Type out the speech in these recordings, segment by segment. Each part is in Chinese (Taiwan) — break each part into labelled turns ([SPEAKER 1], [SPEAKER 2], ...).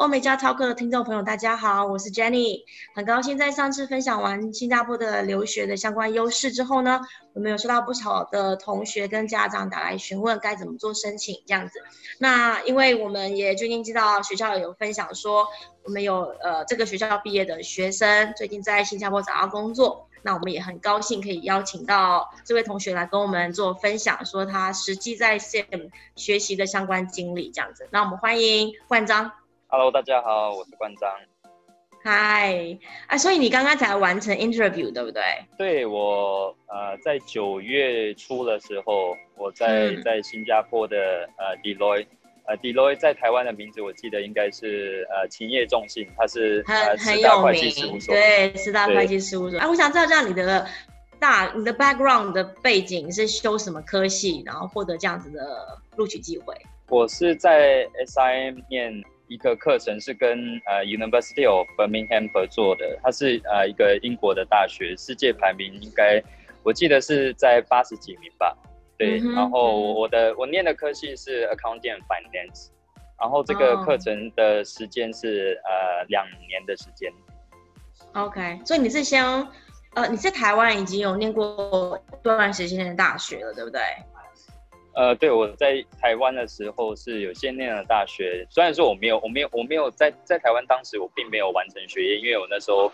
[SPEAKER 1] 歐美加超課的聽眾朋友，大家好，我是 Jenny，很高興在上次分享完新加坡的留學的相關優勢之後呢，我們有收到不少的同學跟家長打來詢問該怎麼做申請這樣子。那因為我們也最近知道學校有分享說，我們有呃這個學校畢業的學生最近在新加坡找到工作，那我們也很高興可以邀請到這位同學來跟我們做分享，說他實際在 SIM 學習的相關經歷這樣子。那我們歡迎冠璋。
[SPEAKER 2] Hello，大家好，我是冠璋。
[SPEAKER 1] 嗨，啊，所以你剛剛才完成 interview 對不對？
[SPEAKER 2] 對，我呃在九月初的時候，我在、嗯、在新加坡的呃 Deloitte，呃 Deloitte 在台灣的名字，我記得應該是呃勤業眾信，它是很、呃、四大很、很有名的會計
[SPEAKER 1] 事務所，對，四大會計事務所。哎，我想知道一下你的大你的 background 的背景是修什麼科系，然後獲得這樣子的錄取機會？
[SPEAKER 2] 我是在 SIM 念一個課程是跟呃 University of Birmingham 合作的，它是呃一個英國的大學，世界排名應該我記得是在八十幾名吧。
[SPEAKER 1] 對，嗯、然後
[SPEAKER 2] 我的我念的科系是 Accounting Finance，然後這個課程的時間是、哦、呃兩年的時間。
[SPEAKER 1] OK，所以你是先呃你在台灣已經有念過多段時間的大學了，對不對？
[SPEAKER 2] 呃，對我在台灣的時候是有先念了大學，雖然說我沒有，我沒有，我沒有在在台灣，當時我並沒有完成學業，因為我那時候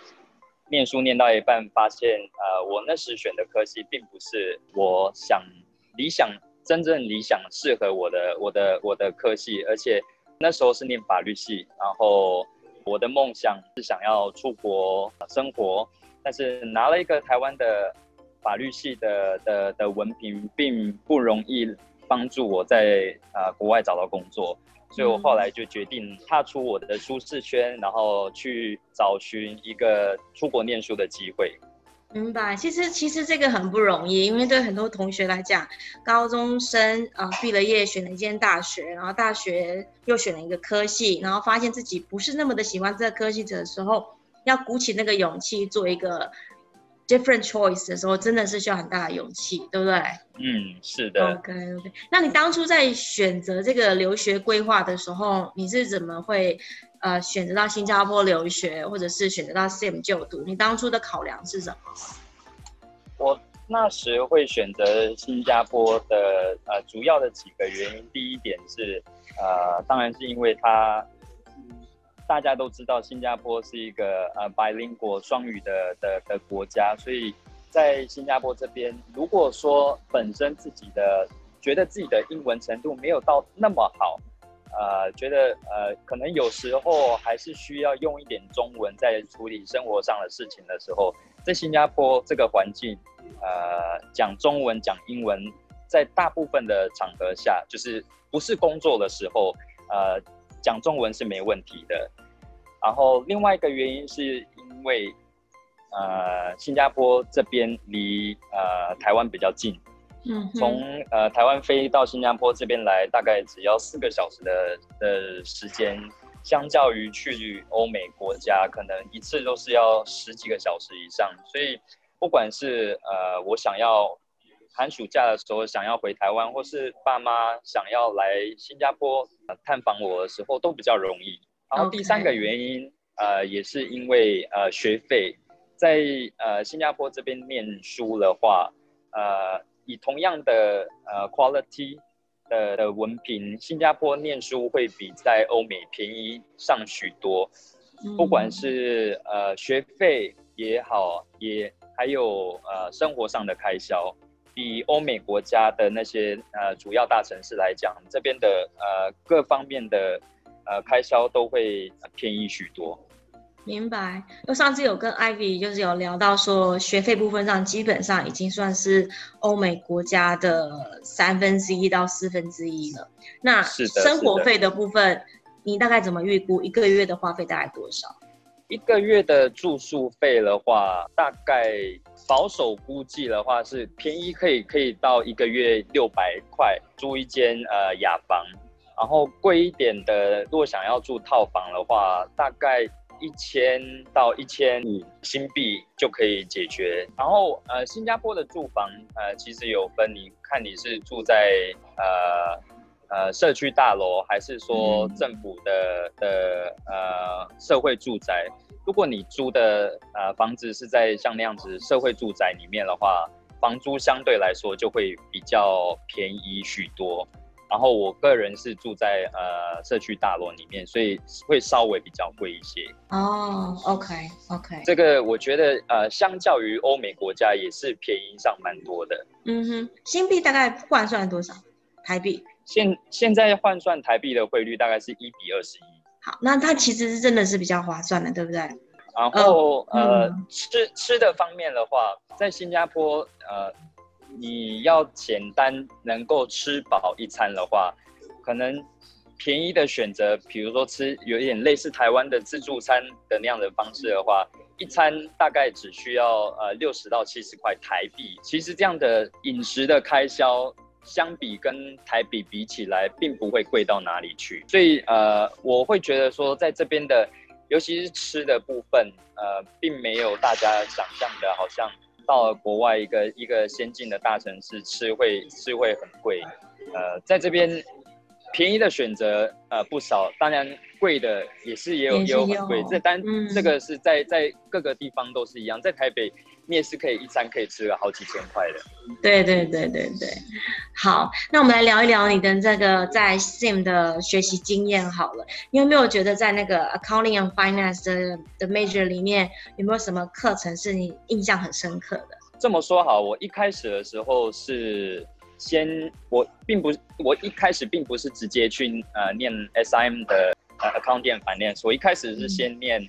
[SPEAKER 2] 念書念到一半，發現呃，我那時選的科系並不是我想理想真正理想適合我的我的我的科系，而且那時候是念法律系，然後我的夢想是想要出國生活，但是拿了一個台灣的法律系的的的文憑並不容易。幫助我在啊、呃、國外找到工作，所以我後來就決定踏出我的舒適圈，然後去找尋一個出國念書的機會。
[SPEAKER 1] 明白，其實其實這個很不容易，因為對很多同學來講，高中生啊畢、呃、了業，選了一間大學，然後大學又選了一個科系，然後發現自己不是那麼的喜歡這個科系者的時候，要鼓起那個勇氣做一個。different choice 的時候，真的是需要很大的勇氣，對不對？嗯，是的。OK OK，那你當初在選擇這個留學規劃的時候，你是怎麼會，呃，選擇到新加坡留學，或者是選擇到 SIM 就讀？你當初的考量是什麼？
[SPEAKER 2] 我那時會選擇新加坡的，呃，主要的幾個原因，第一點是，呃，當然是因為它大家都知道，新加坡是一個呃 bilingual 雙語的的的國家，所以在新加坡這邊，如果說本身自己的覺得自己的英文程度沒有到那麼好，呃，覺得呃，可能有時候還是需要用一點中文在處理生活上的事情的時候，在新加坡這個環境，呃，講中文講英文，在大部分的場合下，就是不是工作的時候，呃。講中文是沒問題的，然後另外一個原因是因為，呃，新加坡這邊離呃台灣比較近，嗯，
[SPEAKER 1] 從
[SPEAKER 2] 呃台灣飛到新加坡這邊來，大概只要四個小時的的時間，相較於去歐美國家，可能一次都是要十幾個小時以上，所以不管是呃我想要。寒暑假的時候想要回台灣，或是爸媽想要來新加坡呃探訪我的時候都比較容易。Okay. 然後第三個原因，呃，也是因為呃學費，在呃新加坡這邊念書的話，呃以同樣的呃 quality 的、的文憑，新加坡念書會比在歐美便宜上許多，mm -hmm. 不管是呃學費也好，也還有呃生活上的開銷。比歐美國家的那些呃主要大城市來講，這邊的呃各方面的呃開銷都會便宜許多。
[SPEAKER 1] 明白。那上次有跟 Ivy 就是有聊到說，學費部分上基本上已經算是歐美國家的三分之一到四分之一了。那生活費的部分，你大概怎麼預估一個月的花費大概多少？
[SPEAKER 2] 一個月的住宿費的話，大概。保守估計的話是便宜可以可以到一個月六百塊租一間呃雅房，然後貴一點的，如果想要住套房的話，大概一千到一千五新幣就可以解決。然後呃，新加坡的住房呃其實有分，你看你是住在呃。呃，社區大樓還是說政府的、嗯、的呃社會住宅，如果你租的呃房子是在像那樣子社會住宅裡面的話，房租相對來說就會比較便宜許多。然後我個人是住在呃社區大樓裡面，所以會稍微比較貴一些。哦、
[SPEAKER 1] oh，OK OK，
[SPEAKER 2] 這個我覺得呃相較於歐美國家也是便宜上蠻多的。嗯
[SPEAKER 1] 哼，新幣大概換算多少台幣？現現在換算
[SPEAKER 2] 台幣的匯率大概是一比二十一。好，
[SPEAKER 1] 那它其實是真的是比較划算的，對不對？
[SPEAKER 2] 然後、哦、呃，吃、嗯、吃的方面的話，在新加坡呃，你要簡單能夠吃飽一餐的話，可能便宜的選擇，比如說吃有點類似台灣的自助餐的那樣的方式的話，嗯、一餐大概只需要呃六十到七十塊台幣。其實這樣的飲食的開銷。相比跟台北比起來，並不會貴到哪裡去，所以呃，我會覺得說，在這邊的，尤其是吃的部分，呃，並沒有大家想象的，好像到了國外一個一個先進的大城市吃會是會很貴，呃，在這邊便宜的選擇呃不少，當然貴的也是也有，也，是有也有很貴，這單這個是在、嗯、在各個地方都是一樣，在台北。面試可以一餐可以吃個好幾千塊的，
[SPEAKER 1] 對對對對對，好，那我們來聊一聊你跟這個在 SIM 的學習經驗好了。你有沒有覺得在那個 Accounting and Finance 的的 major 裡面有沒有什麼課程是你印象很深刻的？
[SPEAKER 2] 這麼說好，我一開始的時候是先我並不我一開始並不是直接去呃念 SIM 的、呃、Accounting and Finance 我一開始是先念。嗯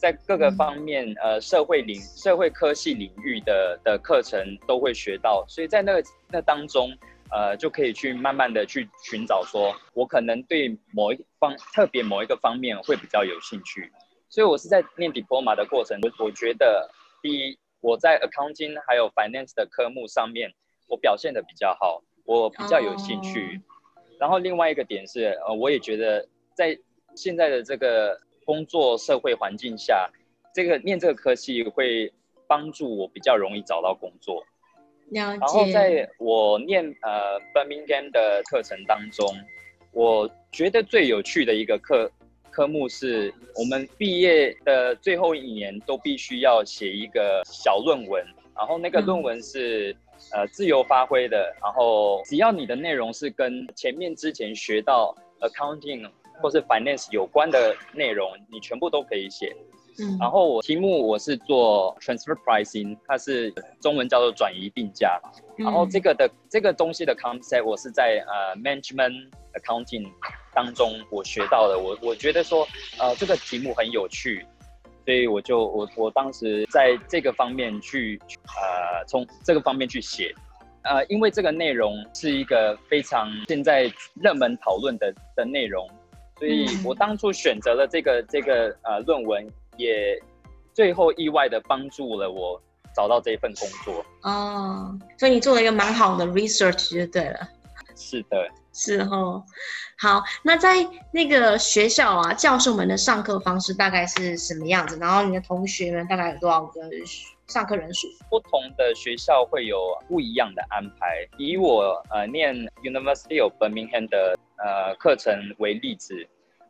[SPEAKER 2] 在各個方面、嗯，呃，社會領、社會科系領域的的課程都會學到，所以在那個、那當中，呃，就可以去慢慢的去尋找說，我可能對某一方、特別某一個方面會比較有興趣。所以我是在念 Diploma 的過程，我我覺得第一，我在 Accounting 還有 Finance 的科目上面，我表現得比較好，我比較有興趣。Oh. 然後另外一個點是，呃，我也覺得在現在的這個。工作社會環境下，這個念這個科系會幫助我比較容易找到工作。
[SPEAKER 1] 了解。然後在
[SPEAKER 2] 我念呃 Birmingham 的課程當中，我覺得最有趣的一個課科目是，我們畢業的最後一年都必須要寫一個小論文，然後那個論文是、嗯、呃自由發揮的，然後只要你的內容是跟前面之前學到 accounting。或是 finance 有關的內容，你全部都可以寫。嗯，然後我題目我是做 transfer pricing，它是中文叫做轉移定價。嗯、然後這個的這個東西的 concept 我是在呃、uh, management accounting 當中我學到的。我我覺得說呃、uh, 這個題目很有趣，所以我就我我當時在這個方面去呃從這個方面去寫。呃、uh，因為這個內容是一個非常現在熱門討論的的內容。所以我當初選擇了這個這個呃論文，也最後意外的幫助了我找到這份工作。
[SPEAKER 1] 哦，所以你做了一個蠻好的 research 就對了。是的，是哦。好，那在那個學校啊，教授們的上課方式大概是什麼樣子？然後你的同學們大概有多少個？上課人數，
[SPEAKER 2] 不同的學校會有不一樣的安排。以我呃念 University of Birmingham 的呃課程為例子，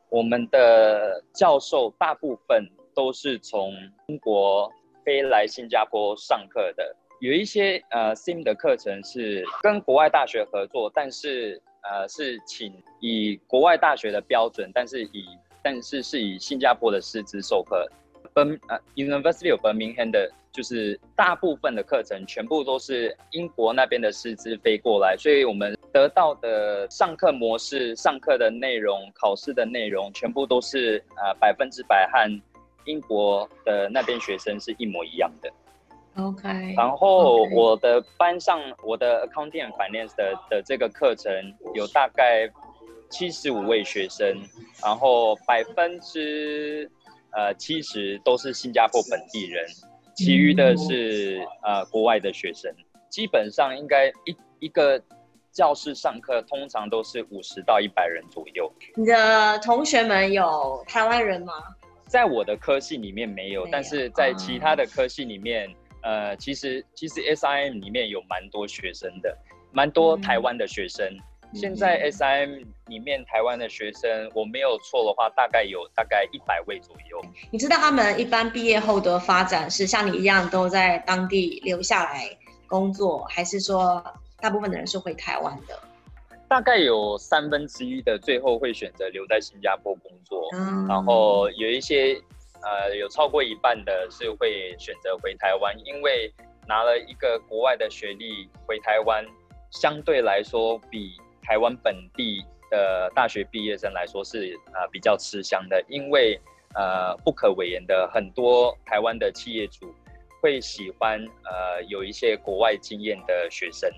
[SPEAKER 2] 我們的教授大部分都是從英國飛來新加坡上課的。有一些呃 SIM 的課程是跟國外大學合作，但是呃是請以國外大學的標準，但是以但是是以新加坡的師資授課。Bam，University、呃、of Birmingham 的就是大部分的課程全部都是英國那邊的師資飛過來，所以我們得到的上課模式、上課的內容、考試的內容，全部都是呃百分之百和英國的那邊學生是一模一樣的。
[SPEAKER 1] OK。然
[SPEAKER 2] 後我的班上，okay. 我的 Accounting Finance 的的這個課程有大概七十五位學生，然後百分之呃七十都是新加坡本地人。
[SPEAKER 1] 其餘的是、
[SPEAKER 2] mm -hmm. 呃國外的學生，基本上應該一一個教室上課，通常都是五十到一百人左右。
[SPEAKER 1] 你的同學們有台灣人嗎？
[SPEAKER 2] 在我的科系裡面沒有，但是在其他的科系裡面，嗯、呃，其實其實 SIM 裡面有蠻多學生的，蠻多台灣的學生。嗯現在 SIM 裡面台灣的學生，嗯、我沒有錯的話，大概有大概一百位左右。你知道他
[SPEAKER 1] 們一般畢業後的發展是像你一樣都在當地留下來工作，還是說大部分的人是回台灣的？
[SPEAKER 2] 大概有三分之一的最後會選擇留在新加坡工作，嗯、然後有一些呃有超過一半的是會選擇回台灣，因為拿了一個國外的學歷回台灣相對來說比台灣本地的大學畢業生來說是啊比較吃香的，因為呃不可諱言的，很多台灣的企業主會喜歡呃有一些國外經驗的學生，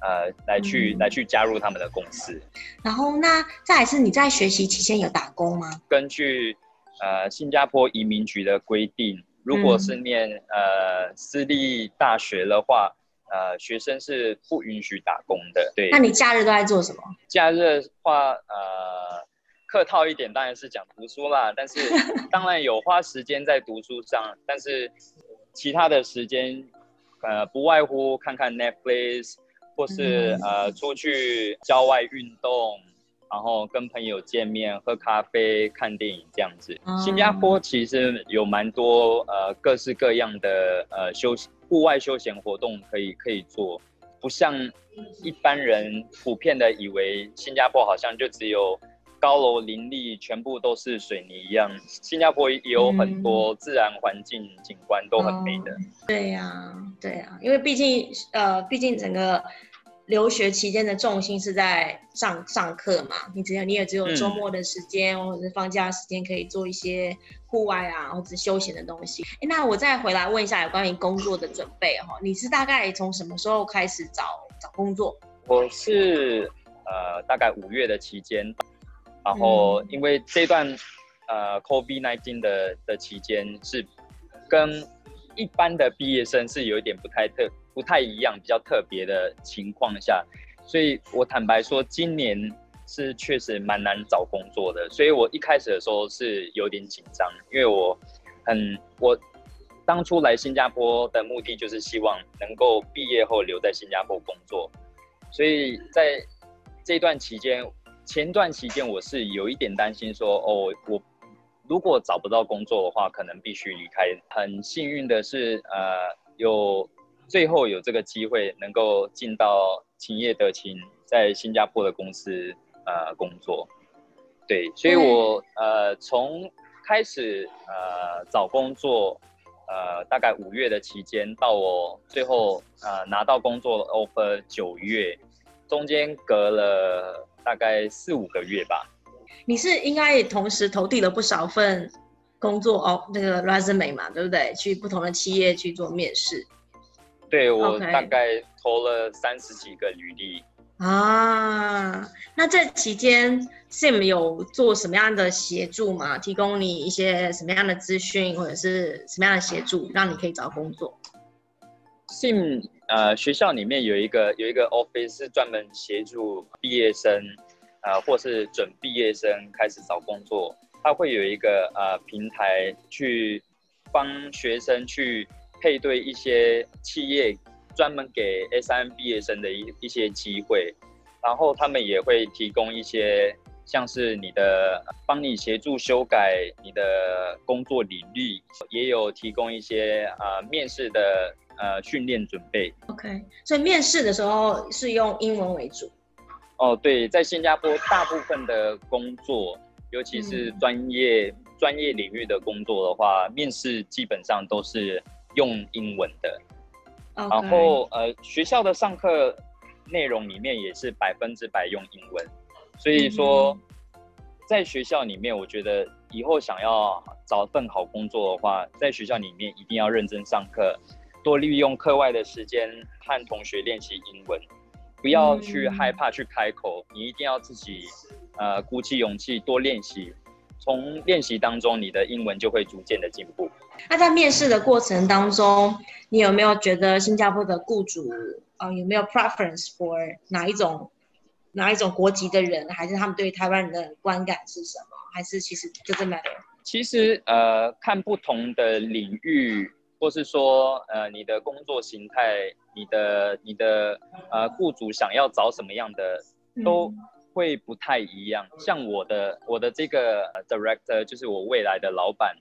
[SPEAKER 2] 呃來去來去加入他們的公司。
[SPEAKER 1] 嗯、然後那再來是你在學習期間有打工嗎？
[SPEAKER 2] 根據呃新加坡移民局的規定，如果是念呃私立大學的話。呃，學生是不允許打工的。對，那你假
[SPEAKER 1] 日都在做什麼？
[SPEAKER 2] 假日話，呃，客套一點當然是講讀書啦，但是 當然有花時間在讀書上，但是其他的時間，呃，不外乎看看 Netflix，或是、嗯、呃出去郊外運動，然後跟朋友見面、喝咖啡、看電影這樣子。新加坡其實有蠻多呃各式各樣的呃休息。戶外休閒活動可以可以做，不像一般人普遍的以為，新加坡好像就只有高樓林立，全部都是水泥一樣。新加坡也有很多自然環境景觀都很美的。對、嗯、呀、哦，對呀、
[SPEAKER 1] 對呀，因為畢竟呃，畢竟整個。留學期間的重心是在上上課嘛，你只要你也只有週末的時間，嗯，或者放假時間可以做一些戶外啊，或者休閒的東西。哎、欸，那我再回來問一下有關於工作的準備哦，你是大概從什麼時候開始找找工作？
[SPEAKER 2] 我是呃大概五月的期間，然後因為這段呃 COVID-19 的的期間是跟一般的畢業生是有一點不太特。不太一樣，比較特別的情況下，所以我坦白說，今年是確實蠻難找工作的。所以我一開始的時候是有點緊張，因為我很我當初來新加坡的目的就是希望能夠畢業後留在新加坡工作，所以在這一段期間，前段期間我是有一點擔心說，哦，我如果找不到工作的話，可能必須離開。很幸運的是，呃，有。最後有這個機會能夠進到勤業德勤在新加坡的公司呃，工作，對，所以我呃，從開始呃找工作，呃，大概五月的期間到我最後呃拿到工作 offer 九月，中間隔了大概四五個月吧。
[SPEAKER 1] 你是應該同時投遞了不少份工作哦，那個 resume 嘛，對不對？去不同的企業去做面試，對我大
[SPEAKER 2] 概投了三十幾個履歷
[SPEAKER 1] 啊，Okay. Ah, 那這期間 SIM 有做什麼樣的協助嗎？提供你一些什麼樣的資訊，或者是什麼樣的協助，讓你可以找工作？SIM
[SPEAKER 2] 呃，學校裡面有一個有一個 office 是專門協助畢業生，呃，或是準畢業生開始找工作，它會有一個呃平台去幫學生去。配對一些企業，專門給 SIM 畢業生的一一些機會，然後他們也會提供一些像是你的，幫你協助修改你的工作履歷，也有提供一些啊、呃、面試的呃訓練準備。OK，
[SPEAKER 1] 所以面試的時候是用英文為主。
[SPEAKER 2] 哦，對，在新加坡大部分的工作，尤其是專業、嗯、專業領域的工作的話，面試基本上都是。用英文的，Okay. 然後呃學校的上課內容裡面也是百分之百用英文，所以說，Mm-hmm. 在學校裡面，我覺得以後想要找份好工作的話，在學校裡面一定要認真上課，多利用課外的時間和同學練習英文，不要去害怕去開口，Mm-hmm. 你一定要自己呃鼓起勇氣多練習，從練習當中你的英文就會逐漸的進步。
[SPEAKER 1] 那在面試的過程當中，你有沒有覺得新加坡的雇主啊、呃，有沒有 preference for 哪一種哪一種國籍的人，還是他們對台灣人的觀感是什麼？還是其實就這麼的？
[SPEAKER 2] 其實呃，看不同的領域，或是說呃，你的工作形態，你的你的呃，雇主想要找什麼樣的，都會不太一樣。像我的我的這個 director 就是我未來的老闆。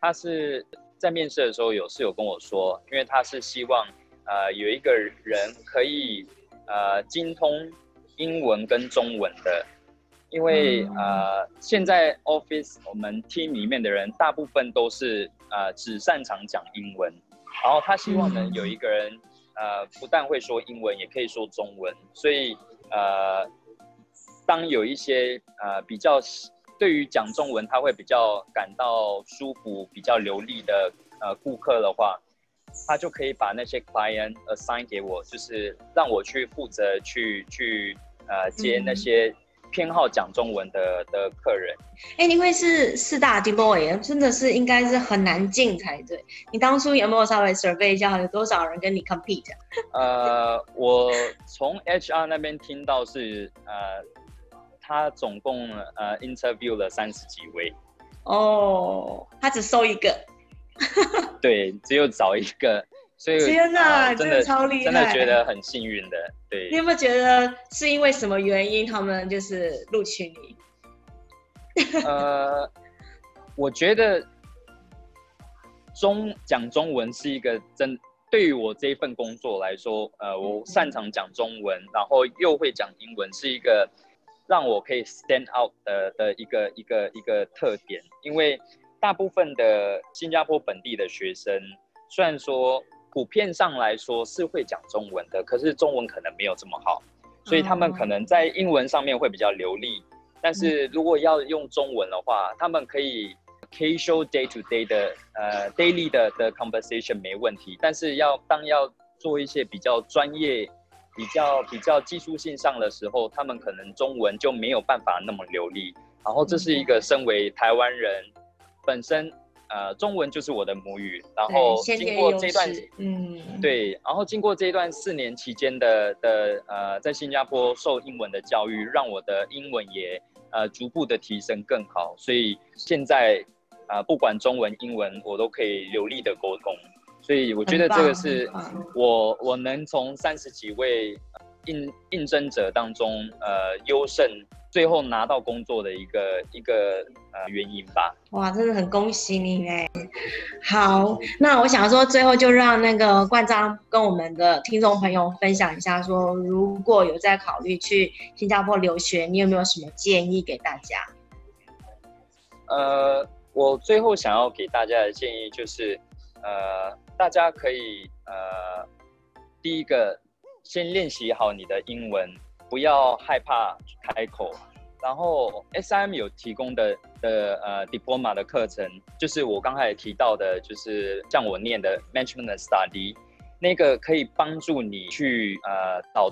[SPEAKER 2] 他是在面試的時候有室友跟我說，因為他是希望，呃，有一個人可以，呃，精通英文跟中文的，因為呃，現在 office 我們 team 裡面的人大部分都是呃只擅長講英文，然後他希望能有一個人，呃，不但會說英文，也可以說中文，所以呃，當有一些呃比較。對於講中文，他會比較感到舒服、比較流利的呃顧客的話，他就可以把那些 client assign 給我，就是讓我去負責去去、呃、接那些偏好講中文的、嗯、的，的客人。
[SPEAKER 1] 哎、欸，因為是四大 Deloitte 真的是應該是很難進才對。你當初有沒有稍微 survey 一下，有多少人跟你 compete？
[SPEAKER 2] 呃，我從 HR 那邊聽到是呃。他總共呃 interview 了三十幾位，
[SPEAKER 1] 哦，oh, 呃，他只收一個，
[SPEAKER 2] 對，只有找一個，所以天哪，呃真，真的超厲害，真的覺得很幸運的，對。你有
[SPEAKER 1] 沒有覺得是因為什麼原因他們就是錄取你？ 呃，
[SPEAKER 2] 我覺得中講中文是一個真對於我這一份工作來說，呃，我擅長講中文，mm -hmm. 然後又會講英文，是一個。讓我可以 stand out 的的一個一個一個特點，因為大部分的新加坡本地的學生，雖然說普遍上來說是會講中文的，可是中文可能沒有這麼好，所以他們可能在英文上面會比較流利，嗯、但是如果要用中文的話，他們可以 casual day to day 的呃 daily 的的 conversation 沒問題，但是要當要做一些比較專業。比較比較技術性上的時候，他們可能中文就沒有辦法那麼流利。然後這是一個身為台灣人，本身呃中文就是我的母語，然後經過這段嗯對，對，然後經過這一段四年期間的的呃在新加坡受英文的教育，讓我的英文也呃逐步的提升更好。所以現在啊，呃，不管中文英文，我都可以流利的溝通。所以我覺得這個是我，我我能從三十幾位應應徵者當中，呃，優勝，最後拿到工作的一個一個呃原因吧。
[SPEAKER 1] 哇，真的很恭喜你耶！好，那我想說，最後就讓那個冠璋跟我們的聽眾朋友分享一下，說如果有在考慮去新加坡留學，你有沒有什麼建議給大家？
[SPEAKER 2] 呃，我最後想要給大家的建議就是，呃。大家可以呃，第一個先練習好你的英文，不要害怕開口。然後 SIM 有提供的的呃 Diploma 的課程，就是我剛才提到的，就是像我念的 Management Study，那個可以幫助你去呃找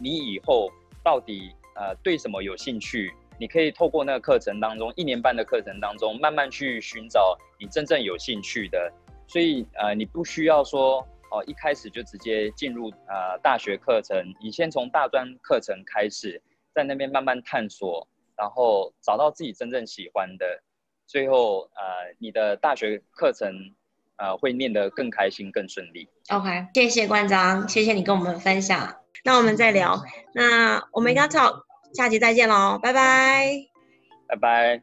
[SPEAKER 2] 你以後到底呃對什麼有興趣。你可以透過那個課程當中一年半的課程當中，慢慢去尋找你真正有興趣的。所以，呃，你不需要說，哦，一開始就直接進入呃大學課程，你先從大專課程開始，在那邊慢慢探索，然後找到自己真正喜歡的，最後，呃，你的大學課程，呃，會念得更開心、更順利。
[SPEAKER 1] OK，謝謝冠璋，謝謝你跟我們分享。那我們再聊，謝謝，那我們一下次下集再見嘍，拜拜，
[SPEAKER 2] 拜拜。